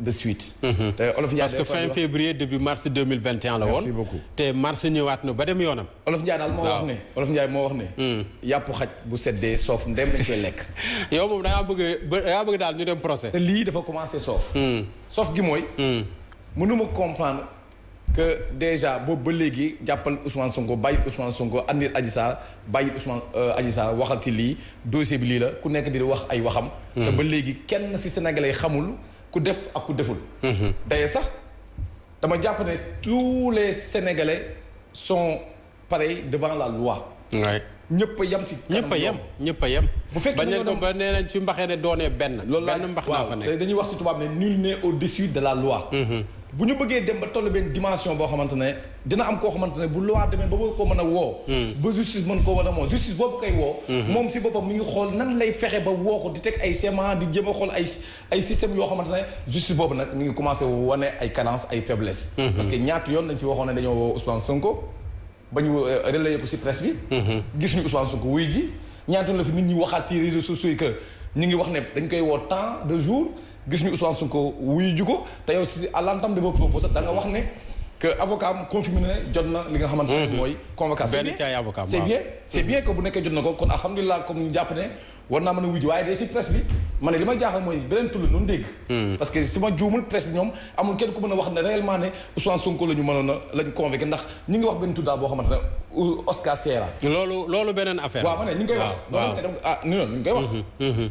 de suite. Mhm. te Olof Ndiaye parce que fin février début mars deux mille vingt et un la woon. merci beaucoup te mars ñëwaat na ba dem yoonam. Olof Ndiaye daal moo wax ne. Olof Ndiaye mm. yàpp xaj bu seddee soof ndem dañ koy lekk. yow moom da ngaa bëgg bëgg daal ñu dem procès. te lii dafa commencé soof. Mm. soof gi mooy. Mm. mënuma comprendre que déjà boobu ba léegi jàppal Ousmane Sonko bàyyi Ousmane Sonko andil Adji Sarr bàyyi Ousmane euh, Adji Sarr waxal ci lii dossier bi lii la ku nekk di wax ay waxam. te ba léegi kenn ci sénégalais xamul. ku def ak ku deful. daye mhm. sax dama jàpp ne tous les sénégalais sont pareils devant la loi. waay ñëpp a yem si. ñëpp a yem ñëpp a bu fekkee ba nee nañ ci mbaxee ne doonee benn. loolu laa benn mbax naa fa nekk te dañuy wax si tubaab ne nul n'est au-dessus de la loi. Mhm. bu ñu bëggee dem ba toll benn dimension boo xamante ne dina am koo xamante ne bu loi demee ba ko mën a woo. Hmm. ba justice mën koo wala moo justice boobu koy woo. Hmm. moom si boppam mi ngi xool nan lay fexe ba woo ko di teg ay schéma di jéem a xool ay système yoo xamante ne justice boobu nag mu ngi commencé wane ay carence ay faiblesse. Hmm. parce que ñaata yoon dañ fi waxoon ne dañoo woo ba ñu euh, relayé ko si presse bi. gis ñu Ousmane Sonko fi nit si réseaux sociaux ñu ngi wax ne dañ koy woo temps de jour. gis ñu Ousmane Sonko wuyu ji ko te yow si à l'entame de vos propos wax ne que avocat am na jot na li nga xamante ne mhm. mooy convocation benn caay avocat c'est bien c'est na ko kon alhamdulilah comme ñu jàpp ne war naa a wuyu ji waaye de si presse bi ma ne li ma jaaxal mooy beneen tull noonu dégg mhm. parce que si ma juumul presse ñoom amul kenn ku mën a wax ne réellement ne Ousmane Sonko la ñu mënoon a la ñu convoqué ndax ñi ngi wax benn tuddaa boo xamante ne Oscar Sierra loolu loolu beneen affaire waaw ma ne ñu ngi wax noonu ah ni noonu ñu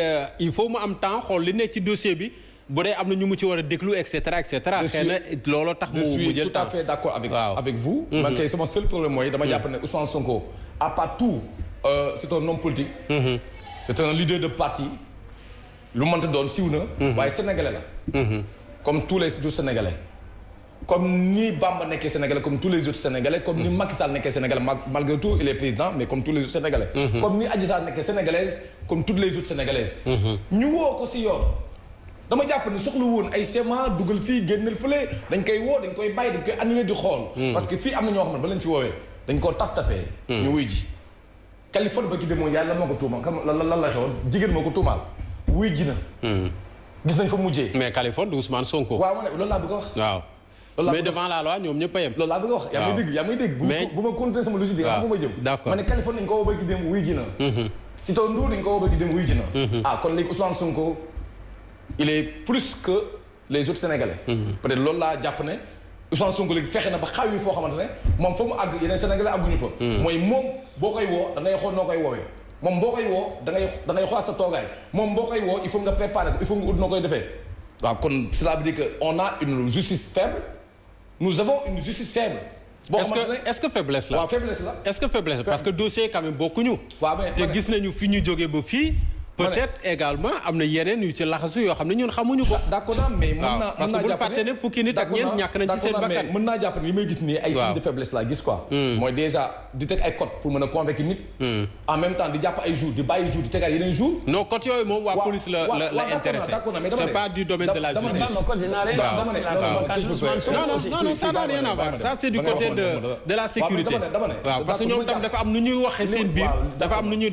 Euh, il faut mu am temps xool li nekk ci dossier bi bu dee am na ñu mu ci war a déglu et cetera looloo tax mu mu jël tout à fait d' avec vous. Mhm. man kay sama seul problème mooy dama jàpp ne mhm. Ousmane Sonko à part tout euh, c' est un politique. Mhm. c' est un leader de parti. lu mënta doon siw na. waaye sénégalais la. comme tous les du sénégalais. comme ni Bamba nekkee sénégalais comme tous les autres sénégalais. comme ni mm-hmm. Macky Sall nekkee sénégalais malgré tout il est président mais comme tous les autres sénégalais. Mm-hmm. comme ni Adji Sarr nekkee sénégalaise comme toutes les autres sénégalaises. Mm-hmm. ñu woo ko si yoon. dama jàpp ne soxla woon ay schéma dugal fii génnal fële dañ koy woo dañ koy bàyyi dañ koy annulé di xool. parce que fii am na ñoo xam ne ba leen fi woowee dañ koo taf tafee. ñu wuy ji. Californie ba ki demoon yaay lan moo ko tuumaal kan lan lan la xewoon jigéen moo ko tuumaal wuy ji na. gis nañ fa mujjee. mais Californie Ousmane Sonko. waaw ma ne loolu laa bëgg a wax. waaw. mais devant la loi ñoom ñëpp a yem. loolu laa bëgg a wax yaa ne Californie dañ ko mhm. mhm. ah, léegi mhm. peut-être loolu laa jàpp ne Ousmane Sonko léegi fexe na ba xaw yi foo xamante ne moom fa mu àgg yeneen Sénégalais àgguñu fa. mooy moom boo koy woo da ngay xool noo koy woowee. moom boo koy woo da ngay da ngay xoolaat sa toogaay moom boo koy woo il faut nga préparer ko il faut nga ut noo koy defee waaw kon cela veut dire que on a une justice faible nous avons une justice faible. boo xamante ne est-ce que faiblesse la waaw faiblesse la. est-ce que faiblesse parce que dossier quand même bokkuñu. waaw te gis nañu fi ñu jógee ba fii. peut-être également am na yeneen yu ci laxasu yoo xam ne ñun ko. parce que bu fàtte ne fukki nit ak ñeent ñàkk nañ ci seen bakkan mais mën jàpp ne may gis nii ay signe de faiblesse laa gis quoi. Hmm. mooy déjà di teg ay cote pour mën a convaincre nit. Hmm. en même temps di jàpp ay jours di bàyyi jours di tegaat yeneen jours. non cote yooyu moom waa police la la c'est pas du domaine de la sécurité. parce que ñoom tam dafa am nu ñuy waxee seen biir dafa am nu ñuy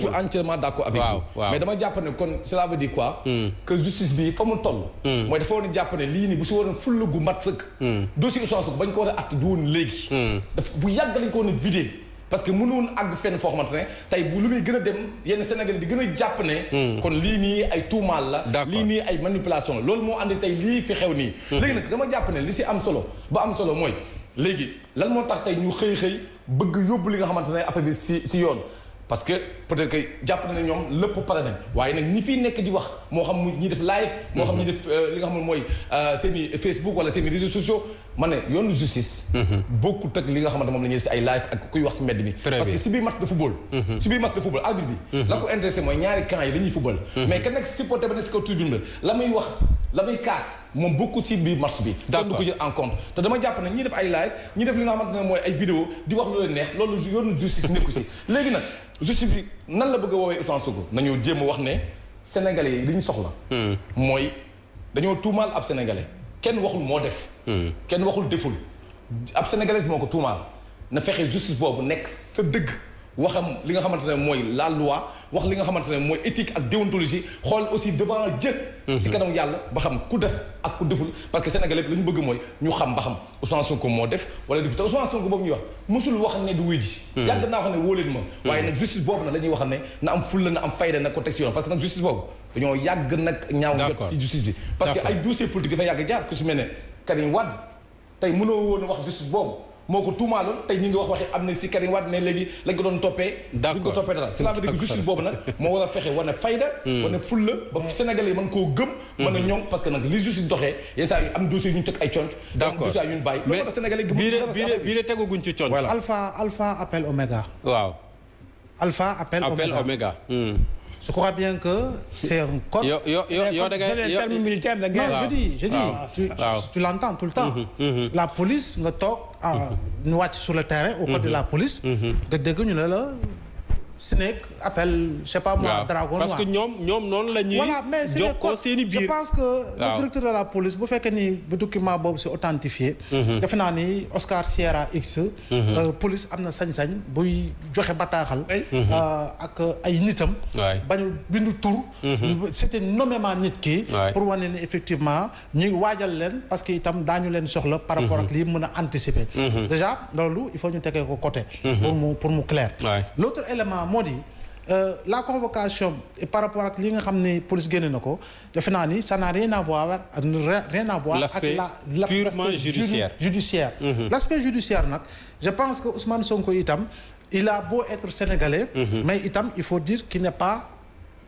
suis entièrement d'accord avec waaw, vous waaw. mais dama jàpp ne kon cela veut dire quoi hmm. que justice bi fa mu toll hmm. mooy dafa war a lii nii bu si waroon fulla gu mat sëkk hmm. dossier Ousmane Sonko bañ ko war a atte du woon léegi bu yàgg lañ ko woon a parce que mënuwoon àgg fen foo xamante ne tey bu lu muy gën a dem yenn Sénégal di gën a jàpp ne kon lii nii ay tuumaal la lii nii ay manipulation loolu moo andi tey lii fi xew nii léegi nag dama jàpp ne li si am solo ba am solo mooy léegi lan moo tax tey ñu xëy-xëy bëgg yóbbu li nga xamante ne affaire bi si si yoon parce que peut-être que na ne ñoom lépp pare nañ nekk wax moo xam ñi def live moo xam ñi def euh, li mooy euh, seeni Facebook wala seeni réseaux sociaux ma ne li nga xamante moom la ñuy si ay live ak kuy wax si mbedd mi parce que si biir match mhm. mhm. mhm. kaas moom bokkut si biir match bi kon du ko jël en compte te dama jàpp ne ñi def ay live ñi def li nga xamante ne mooy ay vidéo di wax lu leen neex loolu yoonu justice nekku si léegi nag justifie nan la bëgg a woowee Ousmane ko nañoo jéem a wax ne sénégalais yi li ñu soxla. Hmm. mooy dañoo tuumaal ab sénégalais kenn waxul moo def. Hmm. kenn waxul deful ab sénégalais moo ko tuumaal na fexe justice boobu nekk sa dëgg. waxam li nga xamante ne mooy la loi wax li nga xamante ne mooy éthique ak déontologie xool aussi devant Dieu mhm. ci kanam yàlla ba xam ku def ak ku deful parce que sénégalais la ñu bëgg mooy ñu xam ba xam Ousmane Sonko moo def wala defu te Ousmane Sonko wax mosul wax ne mhm. leen ma mhm. waaye nag justice boobu nag wax ne na am fulla na am fayda nag ko teg si yoon que nag justice boobu dañoo yàgg nag ñaaw jot si justice bi parce que ay dossier politique dafay yàgg jaar ku si mel ne Karim Wade tey mënoo woon wax justice boobu moo ko tuumaaloon tey ñu ngi wax waxi am na si Karim Wade ne léegi lañ ko doon toppee duñ ko toppee dara cela veut boobu nag moo war a fexe war na fayda hmm. war na fulla ba hmm. Sénégalais yi koo gëm hmm. mën ñoŋ parce nag li justice doxee yenn saa am dossier yu ñu teg ay conc am dossier yu ñu bàyyi loolu tax Sénégalais gëm bii de teguguñ ci conc alpha alpha appel oméga alpha appelle appelle hmm. je crois bien que c'est un code. yo yo yo yo da ngay le terme militaire de guerre. non je dis je dis ah, ah. tu tu l'entends tout le temps. Mm-hmm, mm-hmm. la police nga toog ah, mm-hmm. ñu wàcc sur le terrain. de la police. nga dégg ñu ne Snake. appel je sais dragon parce que ñoom ñoom noonu la ñuy voilà mais c'est que le directeur police bu fekkee ni bu document boobu c'est authentifié mhm. defe naa ni Oscar Sierra X mhm. euh, police am na sañ-sañ buy joxe bataaxal mhm. euh, ak ay nitam bañu bindu tur c'était nommément nit ki pour wane ne effectivement ñu waajal leen parce que itam daañu leen soxla par rapport ak lii mën a anticiper déjà loolu il faut ñu tegee ko côté pour mu pour mu élément moo di Euh, la convocation par rapport ak li nga xam ne police génne na ko defe naa ni ça n'a rien à voir rien à voir ak la l'aspect purement judiciaire judiciaire mm-hmm. l'aspect judiciaire nag je pense que Ousmane Sonko itam il a beau être sénégalais mm-hmm. mais itam il faut dire qu'il n'est pas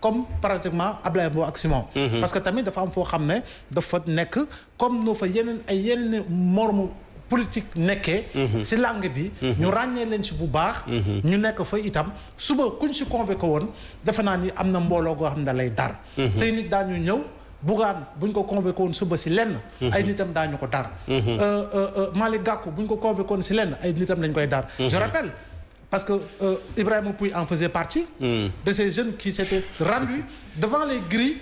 comme pratiquement Ablaye Mbow mm-hmm. parce que tamit dafa am foo xam ne dafa nekk comme noo fa yeneen ay yeneen moroomu politique nekkee si mhm. langue bi mhm. ñu ràññee leen si bu baax mhm. ñu nekk fa itam suba kuñ si convoqué woon defe naa am na mbooloo goo xam ne lay dar sëy nit daañu ñëw Bougane buñ ko convoqué woon suba si lenn ay nitam daañu ko dar euh, euh, euh, Malick Gakou buñ ko convoqué woon si lenn ay nitam dañ koy dar je rappelle parce que Ibrahima Pouye en faisait partie de ces jeunes qui s'étaient rendus devant les grilles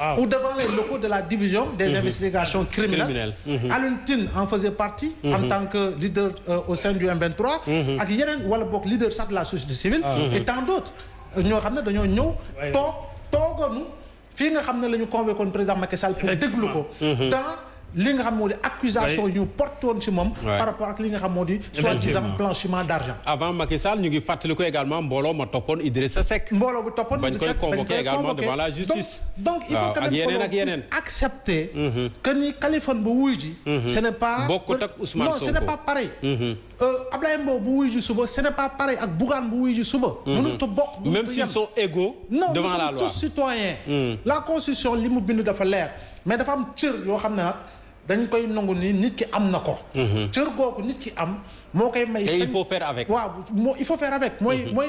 Wow. ou devant les de la division des mmh. investigations criminelles. Mmh. Alioune Tine en faisait partie. en mhm. tant que leader euh, au sein du m mhm. ak yeneen wala boog leader sax de la société civile. Ah. Mhm. et tant d'autres euh, ñoo xam ne dañoo ñëw. toog toogoonu fii nga xam ne lañu ñu convoqué woon président Macky Sall pour déglu ko. dans li nga xam moo di accusation yu ñu porté woon moom par rapport ak li nga xam moo di soi-disant blanchiment d' argent avant Macky Sall ñu ngi fàttali ko également mbooloo ma toppoon Idrissa Seck mbooloo bu toppoon bañ koy convoqué mhm. bu wuy ji mhm. ce n' ak Ousmane Sonko non ce n' est pas pareil mhm. euh, Ablaye bu wuy ji suba ce n' est pas pareil ak Bougane bu wuy ji suba mënut a bokk même s'ils sont égaux devant la loi constitution li mu bind dafa leer mais dafa am cër yoo xam ne nag dañ koy nangu nii nit ki am na ko. Mhm. cër googu nit ki am moo koy may. il faut faire avec waaw moo il faut faire avec mooy mhm. mooy.